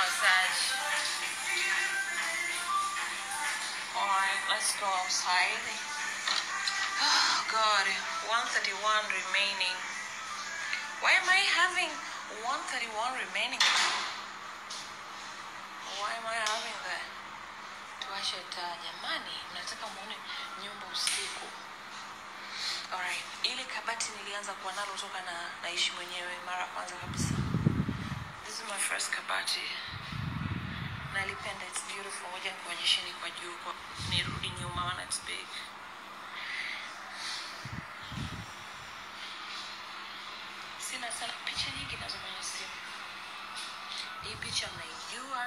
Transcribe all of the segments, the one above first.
massage. Alright, let's go outside. Oh god, 131 remaining. Why am I having 131 remaining? Why am I having that? Tuwashe taa jamani, nataka muone nyumba usiku. Alright, ile kabati nilianza kuwa nalo toka na naishi mwenyewe mara kwanza kabisa first kabati nalipenda it's beautiful moja nikuonyesheni kwa juu kwa nirudi nyuma wana it's big sina sana picha nyingi nazo kwenye simu hii picha mnaijua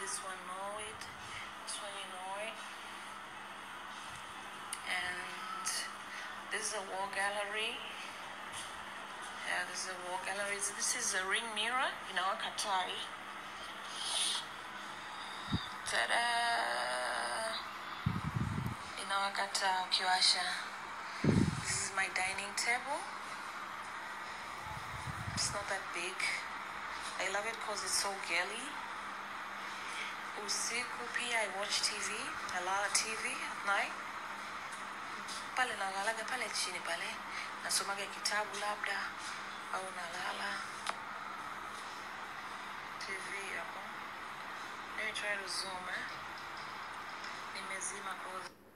this one know it this one you know it and this is a wall gallery this is a wall gallery. This is a ring mirror in our Qatari. Ta-da! In our Qatar, Kiwasha. This is my dining table. It's not that big. I love it because it's so girly. Usiku pia I watch TV. I love TV at night. Pale na lalaga pale chini pale. nasomaga kitabu labda TV Let me try to zoom eh. Nimezima cause